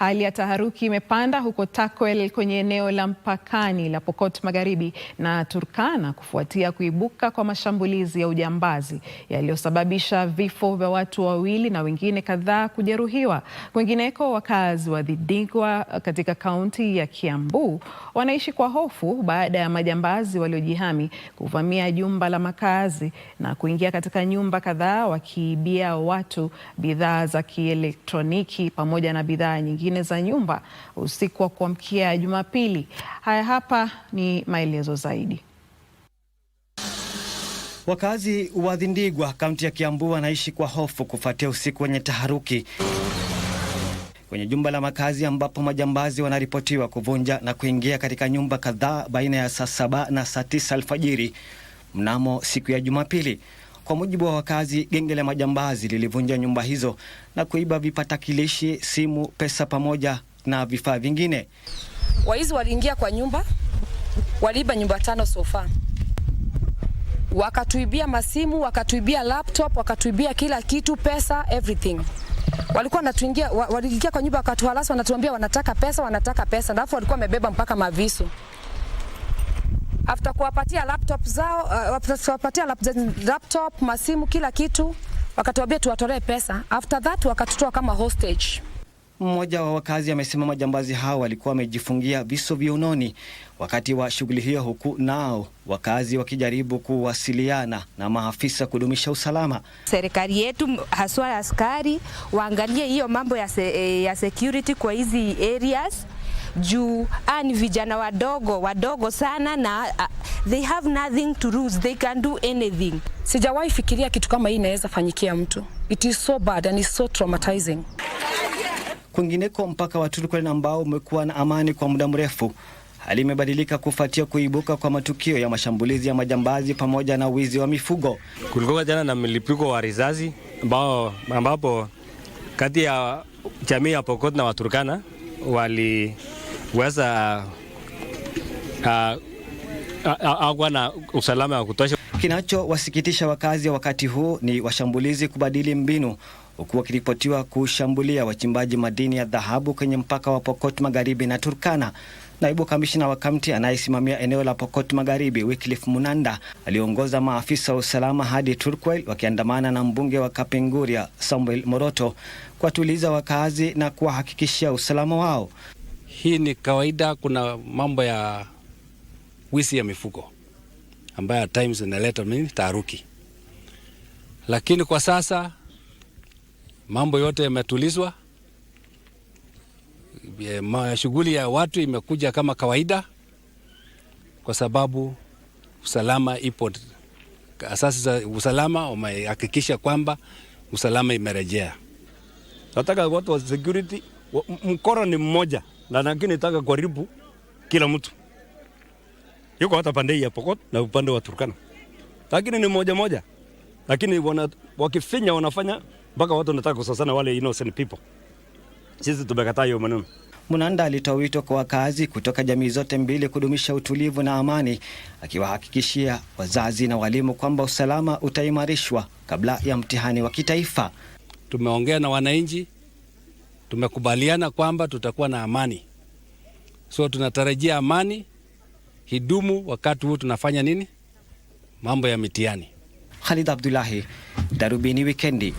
Hali ya taharuki imepanda huko takwel kwenye eneo la mpakani la Pokot Magharibi na Turkana kufuatia kuibuka kwa mashambulizi ya ujambazi yaliyosababisha vifo vya watu wawili na wengine kadhaa kujeruhiwa. Kwingineko, wakazi wa Dindingwa katika kaunti ya Kiambu wanaishi kwa hofu baada ya majambazi waliojihami kuvamia jumba la makazi na kuingia katika nyumba kadhaa wakiibia watu bidhaa za kielektroniki pamoja na bidhaa nyingine nyingine za nyumba usiku wa kuamkia Jumapili. Haya hapa ni maelezo zaidi. Wakazi wa Thindigwa, kaunti ya Kiambu, wanaishi kwa hofu kufuatia usiku wenye taharuki kwenye jumba la makazi ambapo majambazi wanaripotiwa kuvunja na kuingia katika nyumba kadhaa baina ya saa saba na saa tisa alfajiri mnamo siku ya Jumapili. Kwa mujibu wa wakazi, genge la majambazi lilivunja nyumba hizo na kuiba vipatakilishi, simu, pesa pamoja na vifaa vingine. Waizi waliingia kwa nyumba, waliiba nyumba tano sofa, wakatuibia masimu, wakatuibia laptop, wakatuibia kila kitu, pesa, everything walikuwa wanatuingia waliingia kwa nyumba wakatuhalasa, wanatuambia wanataka pesa, wanataka pesa, alafu walikuwa wamebeba mpaka mavisu after ah, kuwapatia laptop zao uh, ah, kuwapatia ah, laptop, masimu, kila kitu, wakatuambia tuwatolee pesa. After that wakatutoa kama hostage. Mmoja wa wakazi amesema majambazi hao walikuwa wamejifungia visu viunoni wakati wa shughuli hiyo, huku nao wakazi wakijaribu kuwasiliana na maafisa kudumisha usalama. Serikali yetu haswa askari waangalie hiyo mambo ya, se, ya security kwa hizi areas juu ani ah, vijana wadogo wadogo sana na uh, they have nothing to lose, they can do anything. Sijawahi fikiria kitu kama hii inaweza fanyikia mtu. It is so bad and is so traumatizing. Kwingineko, mpaka wa Turkana ambao umekuwa na amani kwa muda mrefu hali imebadilika kufuatia kuibuka kwa matukio ya mashambulizi ya majambazi pamoja na wizi wa mifugo. Kulikuwa jana na mlipuko wa risasi ambao ambapo kati ya jamii ya Pokot na Waturkana wali kuweza akuwa ah, ah, ah, na usalama wa kutosha. Kinachowasikitisha wakazi wakati huu ni washambulizi kubadili mbinu huku wakiripotiwa kushambulia wachimbaji madini ya dhahabu kwenye mpaka wa Pokot Magharibi na Turkana. Naibu kamishina wa kaunti anayesimamia eneo la Pokot Magharibi, Wycliffe Munanda, aliongoza maafisa wa usalama hadi Turkwel wakiandamana na mbunge wa Kapenguria Samuel Moroto kuwatuliza wakazi na kuwahakikishia usalama wao. Hii ni kawaida. Kuna mambo ya wizi ya mifugo ambayo at times inaleta mimi taharuki, lakini kwa sasa mambo yote yametulizwa, shughuli ya watu imekuja kama kawaida, kwa sababu usalama ipo, asasi za usalama wamehakikisha kwamba usalama imerejea. Nataka watu wa security, mkoro ni mmoja na nangine taka kuharibu kila mtu yuko hata pande ya Pokot na upande wa Turkana, lakini ni moja moja, lakini wana, wakifinya wanafanya mpaka watu wanataka kusasana wale innocent people. Sisi tumekataa hiyo maneno. Munanda alitoa wito kwa wakazi kutoka jamii zote mbili kudumisha utulivu na amani, akiwahakikishia wazazi na walimu kwamba usalama utaimarishwa kabla ya mtihani wa kitaifa. Tumeongea na wananchi Tumekubaliana kwamba tutakuwa na amani, so tunatarajia amani hidumu wakati huu tunafanya nini, mambo ya mitihani. Khalid Abdullahi, Darubini Wikendi.